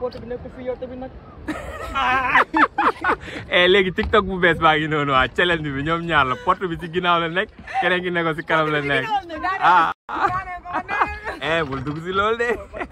porte bi nekk fi eh, bu bees baa ngi noonu waa challenge bi ñoom ñaar la porte bi ci ginnaaw la nekk keneen ki ne la nekk ah. Eh, bul dugg ci loolu de.